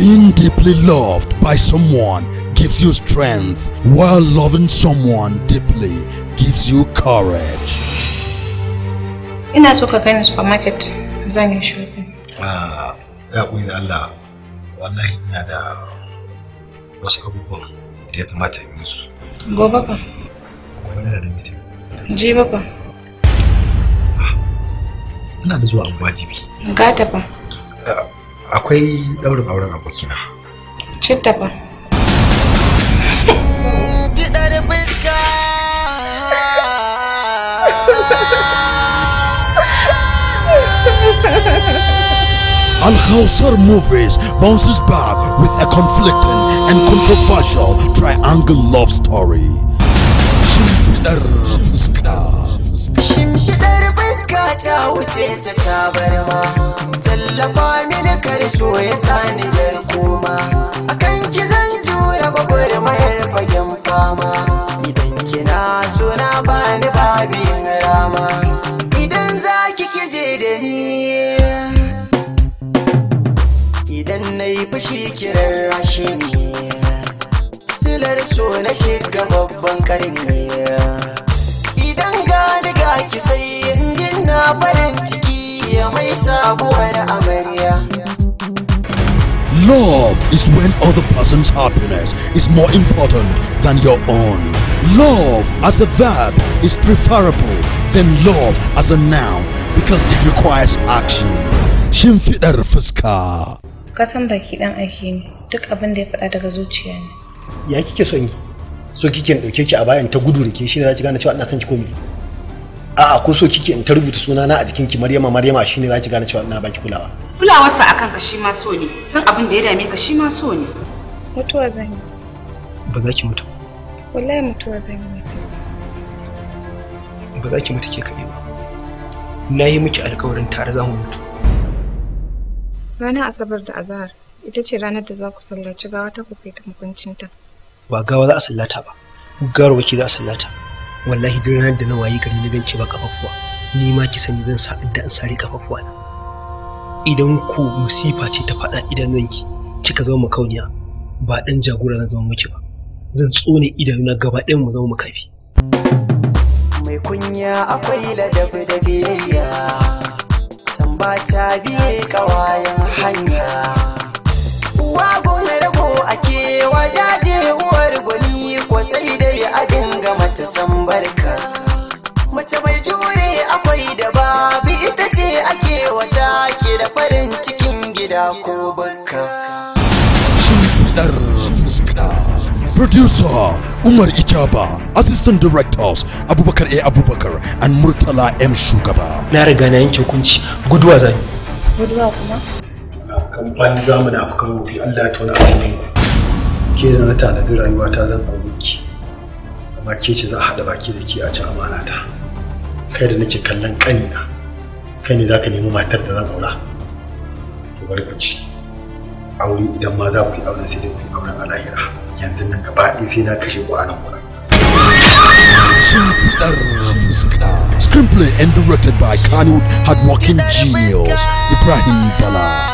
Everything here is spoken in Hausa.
Being deeply loved by someone gives you strength, while loving someone deeply gives you courage. Ina supermarket Ah, that kuyi da Allah. Wallahi ina da wasu akwai daurin auren abokina citta ba da fuska Al-Khawsar movies bounces back with a conflicting and controversial triangle love story. Shimshidar fuska. Shimshidar fuska ta wuce ta idan fushi kiran rashi ne silar so na shiga babban karni idan ki sai yin na farin ciki ya mai sabuwar amarya Love is when other person's happiness is more important than your own. Love as a verb is preferable than love as a noun because it requires action shimfiɗar fuska kasan baki dan aiki ne duk abin da ya faɗa daga zuciya ne ya kike son yi so kike dauke ki a bayan ta gudu rike shi za ki gane cewa ina son ki komi a'a ko so kike in ta rubuta suna na a jikin ki Maryama Maryama shine za ki gane cewa ina baki kulawa kulawar sa akan ka shi ma so ne san abin da ya dame ka shi ma so ne mutuwa zan yi ba za ki mutu wallahi mutuwa zan yi ba za ki mutu ke kai ba na yi miki alkawarin tare za mu mutu ranar asabar da azahar ita ce ranar da za ku sallaci gawa ta ku fita hukuncinta ba gawa za a sallata ba garwaci za a sallata wallahi duk ranar da na wayi gari na ce ba kafafuwa ni ma ki sani zan sa inda an sare kafafuwa na idan ku musifa ce ta faɗa idanunki kika zama makauniya ba ɗan jagora na zama miki ba zan tsone idanuna gaba ɗayan mu zama makafi mai kunya akwai ladabi da biyayya biye kawayen hanya uwa gonar ko a kewa jaje uwar gwani ko sai dai abin ga mace san barka mace mai jure akwai da babu ita ce ake ta ke da farin cikin gida ko baka Producer Umar Ichaba, Assistant Directors Abubakar A. Abubakar and Murtala M. Shugaba. Na riga na yanke hukunci guduwa Budurwa kuma? Kan banza mu da afukan wofi Allah ya tauna asirin ku. Ke da na tanadi rayuwa ta zan ki Amma ke ce za a haɗa baki da ke a ci amana ta. Kai da nake kallon ƙanina. Kai ne za ka nemi matar da zan aura. To bari ku ci. Aure idan ma za ku yi auren sai dai ku yi auren a lahira. Yanzu nan gaba ɗaya sai na kashe ku a nan wurin. Screenplay and directed by Kanu Hardworking Genius Ibrahim Bala.